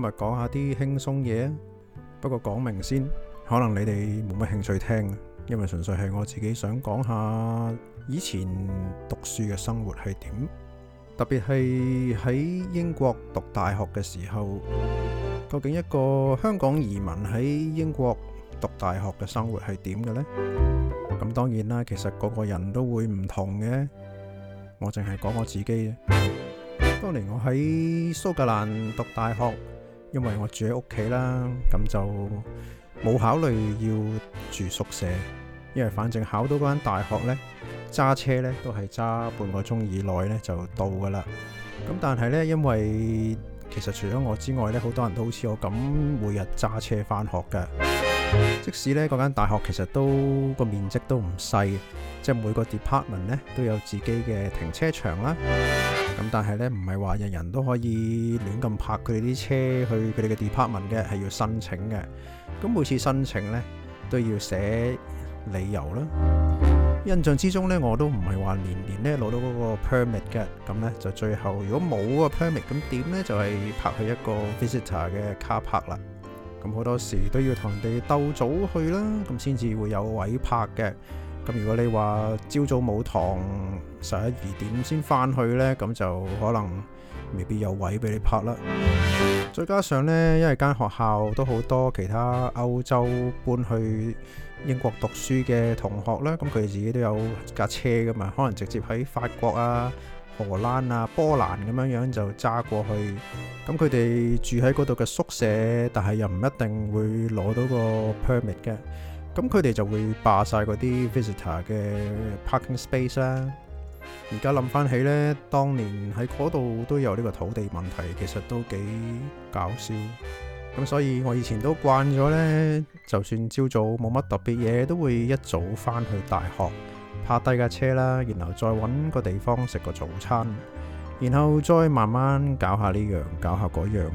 今日講下啲輕鬆嘢，不過講明先，可能你哋冇乜興趣聽，因為純粹係我自己想講下以前讀書嘅生活係點，特別係喺英國讀大學嘅時候，究竟一個香港移民喺英國讀大學嘅生活係點嘅呢？咁當然啦，其實個個人都會唔同嘅，我淨係講我自己嘅。當年我喺蘇格蘭讀大學。因為我住喺屋企啦，咁就冇考慮要住宿舍，因為反正考到嗰間大學呢，揸車呢都係揸半個鐘以內呢就到噶啦。咁但係呢，因為其實除咗我之外呢，好多人都好似我咁，每日揸車翻學噶。即使呢嗰間大學其實都個面積都唔細，即係每個 department 呢都有自己嘅停車場啦。咁但係咧，唔係話人人都可以亂咁拍佢哋啲車去佢哋嘅 department 嘅，係要申請嘅。咁每次申請呢，都要寫理由啦。印象之中呢，我都唔係話年年呢攞到嗰個 permit 嘅。咁呢，就最後如果冇個 permit，咁點呢？就係拍去一個 visitor 嘅 car park 啦。咁好多時都要同人哋鬥早去啦，咁先至會有位拍嘅。咁如果你話朝早冇堂，十一二點先翻去呢，咁就可能未必有位俾你泊啦。再加上呢，因為間學校都好多其他歐洲搬去英國讀書嘅同學啦，咁佢哋自己都有架車噶嘛，可能直接喺法國啊、荷蘭啊、波蘭咁樣樣就揸過去。咁佢哋住喺嗰度嘅宿舍，但係又唔一定會攞到個 permit 嘅，咁佢哋就會霸晒嗰啲 visitor 嘅 parking space 啦。而家諗翻起呢，當年喺嗰度都有呢個土地問題，其實都幾搞笑。咁所以我以前都慣咗呢，就算朝早冇乜特別嘢，都會一早返去大學泊低架車啦，然後再搵個地方食個早餐，然後再慢慢搞下呢樣，搞下嗰樣。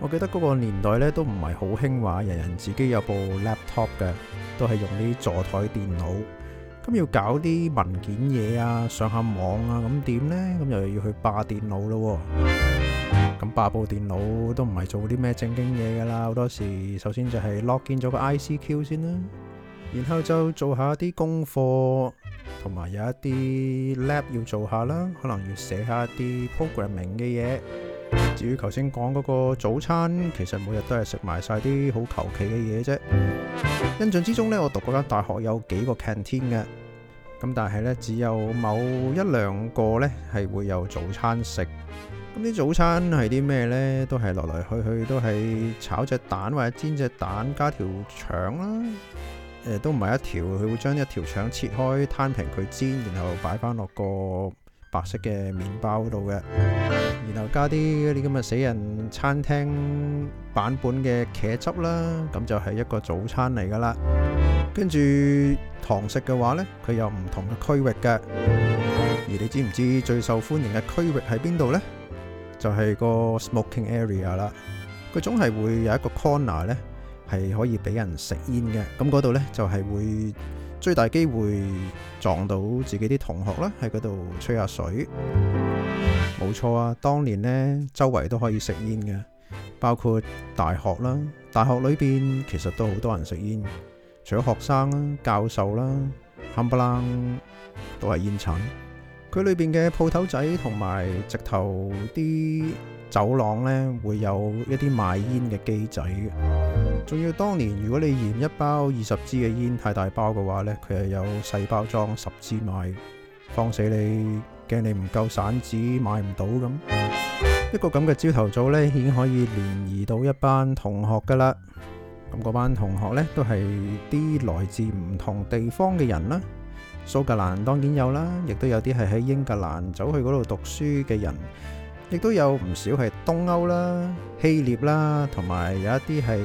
我記得嗰個年代呢，都唔係好興話，人人自己有部 laptop 嘅，都係用啲座台電腦。咁要搞啲文件嘢啊，上下網啊，咁點呢？咁又又要去霸電腦咯。咁霸部電腦都唔係做啲咩正經嘢噶啦，好多時首先就係 login 咗個 ICQ 先啦，然後就做下啲功課，同埋有一啲 lab 要做下啦，可能要寫下一啲 programming 嘅嘢。至於頭先講嗰個早餐，其實每日都係食埋晒啲好求其嘅嘢啫。印象之中呢，我讀嗰間大學有幾個 canteen 嘅，咁但係呢，只有某一兩個呢係會有早餐食。咁啲早餐係啲咩呢？都係來來去去都係炒隻蛋或者煎隻蛋加條腸啦，啊，呃，都唔係一條，佢會將一條腸切開攤平佢煎，然後擺翻落個白色嘅麵包度嘅。然後加啲嗰啲咁嘅死人餐廳版本嘅茄汁啦，咁就係一個早餐嚟㗎啦。跟住堂食嘅話呢，佢有唔同嘅區域嘅。而你知唔知最受歡迎嘅區域喺邊度呢？就係個 smoking area 啦。佢總係會有一個 corner 呢，係可以俾人食煙嘅。咁嗰度呢就係會。最大機會撞到自己啲同學啦，喺嗰度吹下水。冇錯啊，當年呢，周圍都可以食煙嘅，包括大學啦，大學裏邊其實都好多人食煙，除咗學生啦、教授啦，冚唪唥都係煙塵。佢裏邊嘅鋪頭仔同埋直頭啲走廊呢，會有一啲賣煙嘅機仔。仲要當年，如果你嫌一包二十支嘅煙太大包嘅話呢，佢係有細包裝十支賣，放死你驚你唔夠散紙買唔到咁、嗯。一個咁嘅朝頭早呢，已經可以聯誼到一班同學噶啦。咁嗰班同學呢，都係啲來自唔同地方嘅人啦。蘇格蘭當然有啦，亦都有啲係喺英格蘭走去嗰度讀書嘅人，亦都有唔少係東歐啦、希臘啦，同埋有一啲係。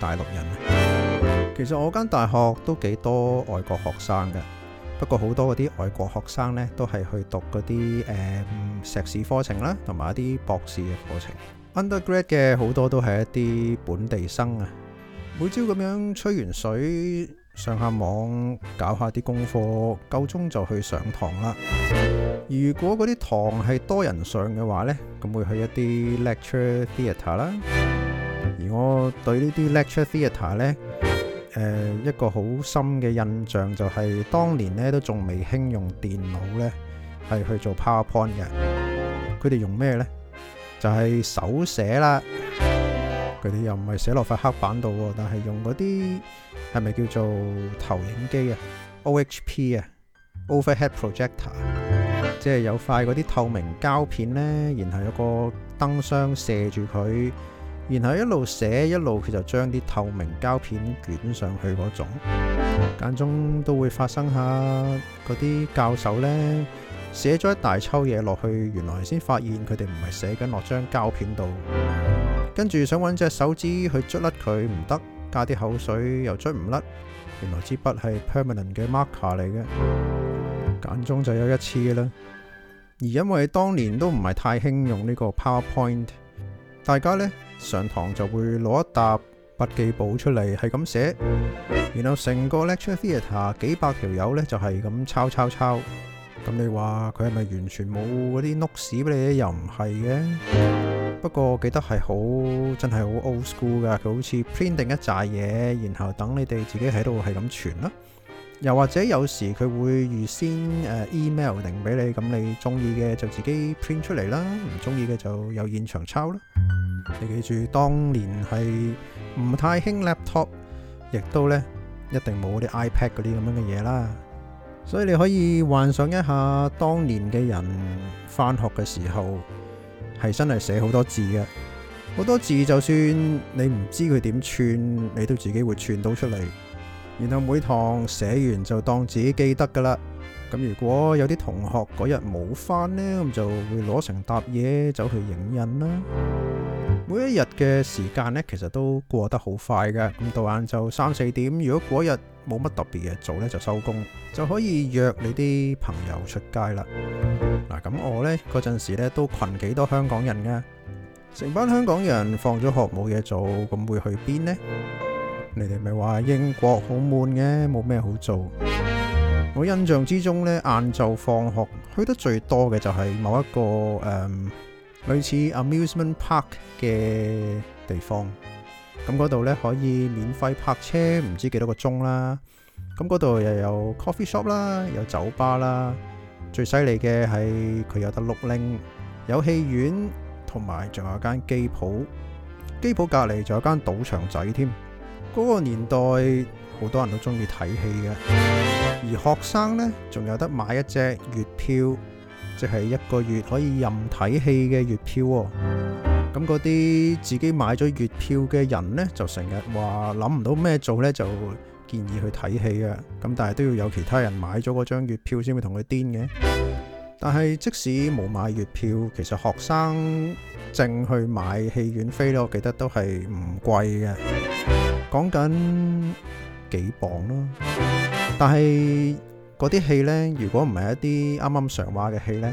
大陸人，其實我間大學都幾多外國學生嘅，不過好多嗰啲外國學生呢，都係去讀嗰啲誒碩士課程啦，同埋一啲博士嘅課程。Undergrad 嘅好多都係一啲本地生啊。每朝咁樣吹完水，上下網，搞下啲功課，夠鍾就去上堂啦。如果嗰啲堂係多人上嘅話呢，咁會去一啲 lecture theatre 啦。而我對呢啲 lecture theatre 咧、呃，一個好深嘅印象就係，當年咧都仲未興用電腦咧，係去做 PowerPoint 嘅。佢哋用咩咧？就係、是、手寫啦。佢哋又唔係寫落塊黑板度，但係用嗰啲係咪叫做投影機啊？OHP 啊，Overhead Projector，即係有塊嗰啲透明膠片咧，然後有個燈箱射住佢。然後一路寫一路佢就將啲透明膠片捲上去嗰種，間中都會發生下嗰啲教授呢，寫咗一大抽嘢落去，原來先發現佢哋唔係寫緊落張膠片度，跟住想揾隻手指去捽甩佢唔得，加啲口水又捽唔甩，原來支筆係 permanent 嘅 marker 嚟嘅，間中就有一次啦。而因為當年都唔係太興用呢個 PowerPoint。大家呢，上堂就會攞一沓筆記簿出嚟係咁寫，然後成個 lecture theatre 幾百條友呢就係咁抄抄抄。咁你話佢係咪完全冇嗰啲 notes 俾你？又唔係嘅。不過記得係好真係好 old school 㗎。佢好似 print 定一揸嘢，然後等你哋自己喺度係咁傳啦。又或者有時佢會預先誒 email 定俾你，咁你中意嘅就自己 print 出嚟啦，唔中意嘅就有現場抄啦。你記住，當年係唔太興 laptop，亦都呢一定冇啲 iPad 嗰啲咁樣嘅嘢啦。所以你可以幻想一下當年嘅人返學嘅時候係真係寫好多字嘅，好多字就算你唔知佢點串，你都自己會串到出嚟。然後每堂寫完就當自己記得噶啦。咁如果有啲同學嗰日冇返呢，咁就會攞成沓嘢走去影印啦。每一日嘅時間呢，其實都過得好快嘅。咁到晏晝三四點，如果嗰日冇乜特別嘢做呢，就收工，就可以約你啲朋友出街啦。嗱，咁我呢嗰陣時呢都群幾多香港人嘅，成班香港人放咗學冇嘢做，咁會去邊呢？你哋咪話英國好悶嘅，冇咩好做。我印象之中呢，晏晝放學去得最多嘅就係某一個誒、嗯、類似 amusement park 嘅地方。咁嗰度呢，可以免費泊車，唔知幾多個鐘啦。咁嗰度又有 coffee shop 啦，有酒吧啦。最犀利嘅係佢有得碌拎，有戲院，同埋仲有間機鋪。機鋪隔籬仲有間賭場仔添。嗰個年代好多人都中意睇戲嘅，而學生呢，仲有得買一隻月票，即係一個月可以任睇戲嘅月票喎。咁嗰啲自己買咗月票嘅人呢，就成日話諗唔到咩做呢，就建議去睇戲啊。咁但係都要有其他人買咗嗰張月票先會同佢癲嘅。但係即使冇買月票，其實學生證去買戲院飛咧，我記得都係唔貴嘅。講緊幾磅啦，但係嗰啲戲咧，如果唔係一啲啱啱上畫嘅戲咧，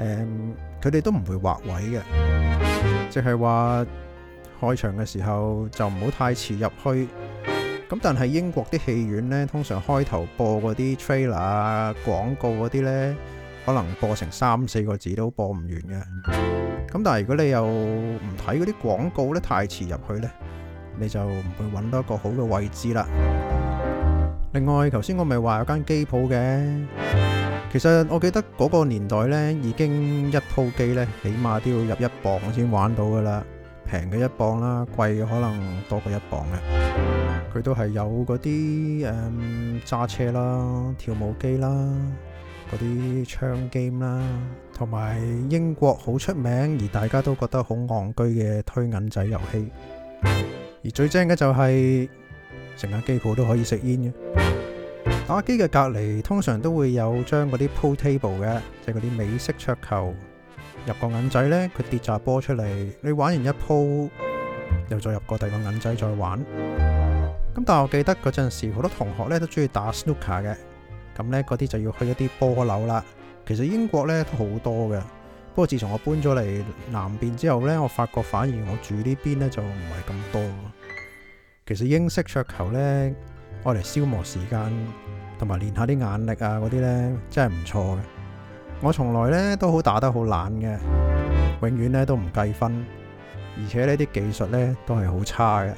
誒，佢哋都唔會劃位嘅，即係話開場嘅時候就唔好太遲入去。咁但係英國啲戲院咧，通常開頭播嗰啲 trailer 啊、廣告嗰啲咧，可能播成三四個字都播唔完嘅。咁但係如果你又唔睇嗰啲廣告咧，太遲入去咧。你就唔會揾到一個好嘅位置啦。另外，頭先我咪話有間機鋪嘅，其實我記得嗰個年代咧，已經一鋪機咧，起碼都要入一磅先玩到噶啦，平嘅一磅啦，貴嘅可能多過一磅嘅。佢都係有嗰啲誒揸車啦、跳舞機啦、嗰啲槍 game 啦，同埋英國好出名而大家都覺得好戇居嘅推銀仔遊戲。而最正嘅就係、是，成間機鋪都可以食煙嘅。打機嘅隔離通常都會有將嗰啲 pool table 嘅，即係嗰啲美式桌球入個銀仔呢，佢跌扎波出嚟。你玩完一鋪又再入個第二個銀仔再玩。咁但我記得嗰陣時好多同學呢都中意打 snooker 嘅，咁呢嗰啲就要去一啲波樓啦。其實英國呢，都好多嘅。不過自從我搬咗嚟南邊之後呢，我發覺反而我住呢邊呢就唔係咁多。其實英式桌球呢，我嚟消磨時間同埋練下啲眼力啊，嗰啲呢，真係唔錯嘅。我從來呢都好打得好懶嘅，永遠呢都唔計分，而且呢啲技術呢都係好差嘅。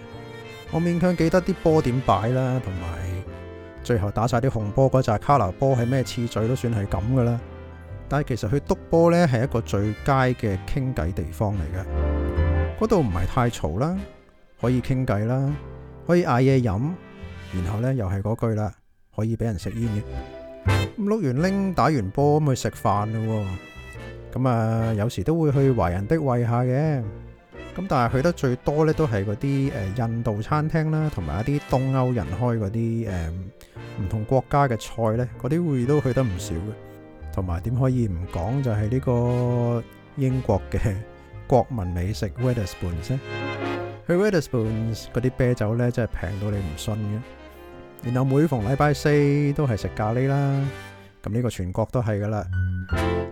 我勉強記得啲波點擺啦，同埋最後打晒啲紅波嗰陣，卡流波係咩次序都算係咁嘅啦。但係其實去督波咧，係一個最佳嘅傾偈地方嚟嘅。嗰度唔係太嘈啦，可以傾偈啦，可以嗌嘢飲，然後咧，又係嗰句啦，可以俾人食煙嘅。咁碌完拎打完波咁去食飯咯。咁啊，有時都會去華人的會下嘅。咁但係去得最多咧，都係嗰啲誒印度餐廳啦，同埋一啲東歐人開嗰啲誒唔同國家嘅菜咧，嗰啲會都去得唔少嘅。同埋點可以唔講就係呢個英國嘅國民美食 Wetherspoons 呢？去 Wetherspoons 嗰啲啤酒呢真係平到你唔信嘅。然後每逢禮拜四都係食咖喱啦。咁呢個全國都係㗎喇。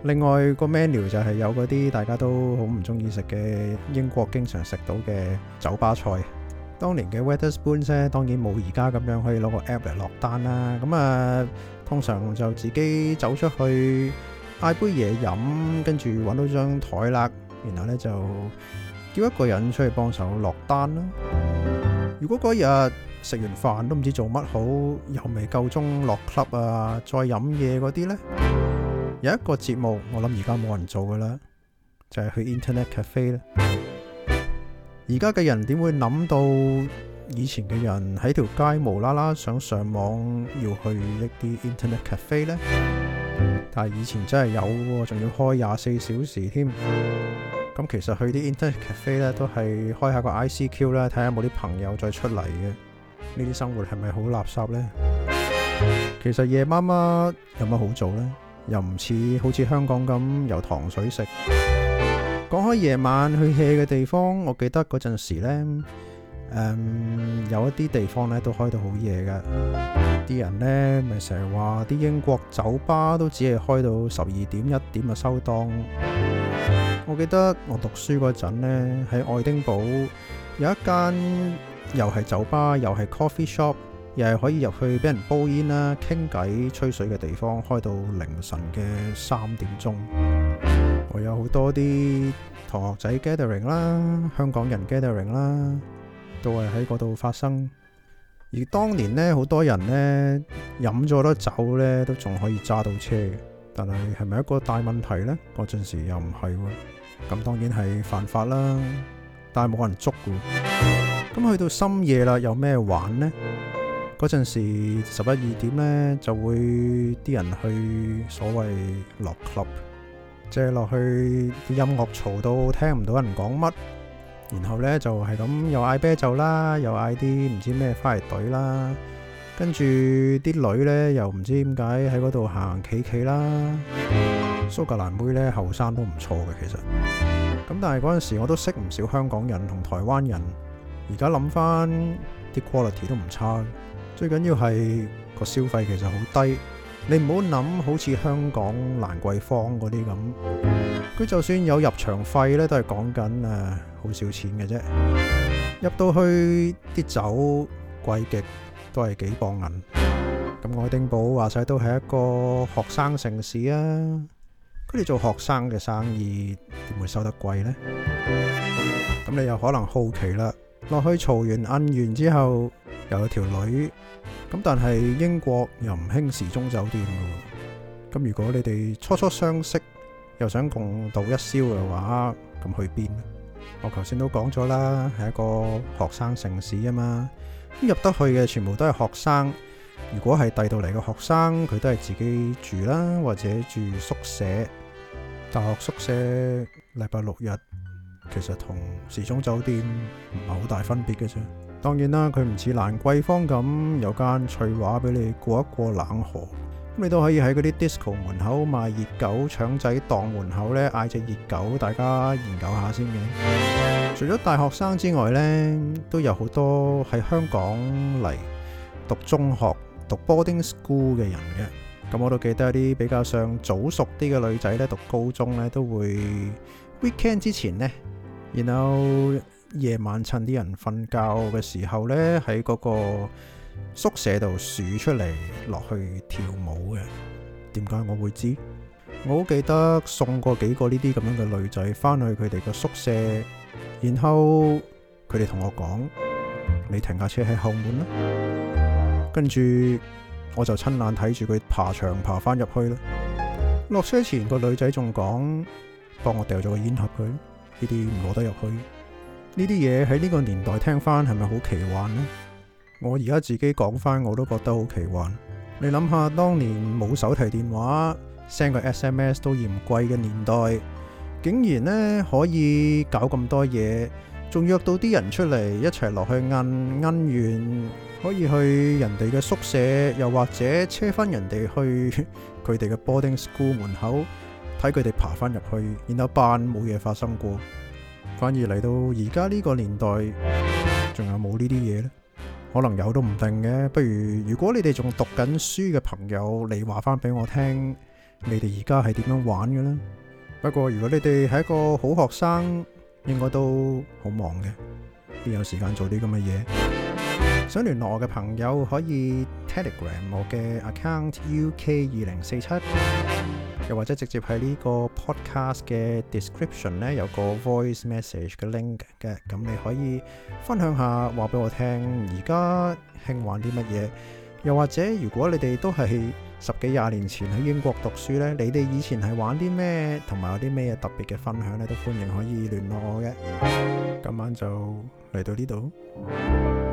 另外個 menu 就係有嗰啲大家都好唔中意食嘅英國經常食到嘅酒吧菜。當年嘅 Wetherspoon 啫，當然冇而家咁樣可以攞個 app 嚟落單啦。咁啊，通常就自己走出去嗌杯嘢飲，跟住揾到張台啦，然後呢就叫一個人出去幫手落單啦。如果嗰日食完飯都唔知做乜好，又未夠鐘落 club 啊，再飲嘢嗰啲呢，有一個節目我諗而家冇人做噶啦，就係去 Internet Cafe 啦。而家嘅人點會諗到以前嘅人喺條街無啦啦想上網要去一啲 Internet Cafe 呢？但係以前真係有，仲要開廿四小時添。咁其實去啲 Internet Cafe 呢，都係開下個 ICQ 啦，睇下冇啲朋友再出嚟嘅。呢啲生活係咪好垃圾呢？其實夜媽媽有乜好做呢？又唔似好似香港咁有糖水食。講開夜晚去 hea 嘅地方，我記得嗰陣時呢，誒、嗯，有一啲地方呢都開到好夜嘅，啲人呢咪成日話啲英國酒吧都只係開到十二點一點啊收檔。我記得我讀書嗰陣呢，喺愛丁堡有一間又係酒吧又係 coffee shop，又係可以入去俾人煲煙啦、傾偈、吹水嘅地方，開到凌晨嘅三點鐘。我有好多啲同學仔 gathering 啦，香港人 gathering 啦，都係喺嗰度發生。而當年呢，好多人呢飲咗多酒呢，都仲可以揸到車。但係係咪一個大問題呢？嗰陣時又唔係喎。咁當然係犯法啦，但係冇人捉喎。咁去到深夜啦，有咩玩呢？嗰陣時十一二點呢，就會啲人去所謂落 club。借落去啲音樂嘈到聽唔到人講乜，然後呢就係咁又嗌啤酒啦，又嗌啲唔知咩花嚟隊啦，跟住啲女呢又唔知點解喺嗰度行行企企啦。蘇格蘭妹呢，後生都唔錯嘅其實，咁但係嗰陣時我都識唔少香港人同台灣人，而家諗翻啲 quality 都唔差，最緊要係個消費其實好低。你唔好諗好似香港蘭桂坊嗰啲咁，佢就算有入場費咧，都係講緊啊好少錢嘅啫。入到去啲酒貴極，都係幾磅銀。咁愛丁堡話晒都係一個學生城市啊，佢哋做學生嘅生意點會收得貴呢？咁你又可能好奇啦，落去嘈完、摁完之後，又有條女，咁但係英國又唔興時鐘酒店噶，咁如果你哋初初相識又想共度一宵嘅話，咁去邊？我頭先都講咗啦，係一個學生城市啊嘛，入得去嘅全部都係學生。如果係第二度嚟嘅學生，佢都係自己住啦，或者住宿舍，大學宿舍禮拜六日，其實同時鐘酒店唔係好大分別嘅啫。當然啦，佢唔似蘭桂坊咁有間翠華俾你過一過冷河，咁你都可以喺嗰啲 disco 門口賣熱狗、腸仔檔門口呢嗌隻熱狗，大家研究一下先嘅。除咗大學生之外呢，都有好多喺香港嚟讀中學、讀 boarding school 嘅人嘅。咁我都記得一啲比較上早熟啲嘅女仔呢，讀高中呢都會 weekend 之前呢，然後，夜晚趁啲人瞓覺嘅時候呢，喺嗰個宿舍度鼠出嚟落去跳舞嘅。點解我會知？我好記得送過幾個呢啲咁樣嘅女仔返去佢哋嘅宿舍，然後佢哋同我講：你停下車喺後門啦。跟住我就親眼睇住佢爬牆爬翻入去啦。落車前個女仔仲講：幫我掉咗個煙盒佢，呢啲唔攞得入去。呢啲嘢喺呢個年代聽翻係咪好奇幻呢？我而家自己講翻我都覺得好奇幻。你諗下當年冇手提電話，send 個 SMS 都嫌貴嘅年代，竟然呢可以搞咁多嘢，仲約到啲人出嚟一齊落去暗恩怨，可以去人哋嘅宿舍，又或者車翻人哋去佢哋嘅 boarding school 門口睇佢哋爬翻入去，然後扮冇嘢發生過。反而嚟到而家呢個年代，仲有冇呢啲嘢呢？可能有都唔定嘅。不如如果你哋仲讀緊書嘅朋友，你話翻俾我聽，你哋而家係點樣玩嘅呢？不過如果你哋係一個好學生，應該都好忙嘅，邊有時間做啲咁嘅嘢？想聯絡我嘅朋友可以 Telegram 我嘅 account UK 二零四七。又或者直接喺呢個 podcast 嘅 description 咧，有個 voice message 嘅 link 嘅，咁你可以分享下話俾我聽，而家興玩啲乜嘢？又或者如果你哋都係十幾廿年前喺英國讀書呢，你哋以前係玩啲咩？同埋有啲咩特別嘅分享呢？都歡迎可以聯絡我嘅。今晚就嚟到呢度。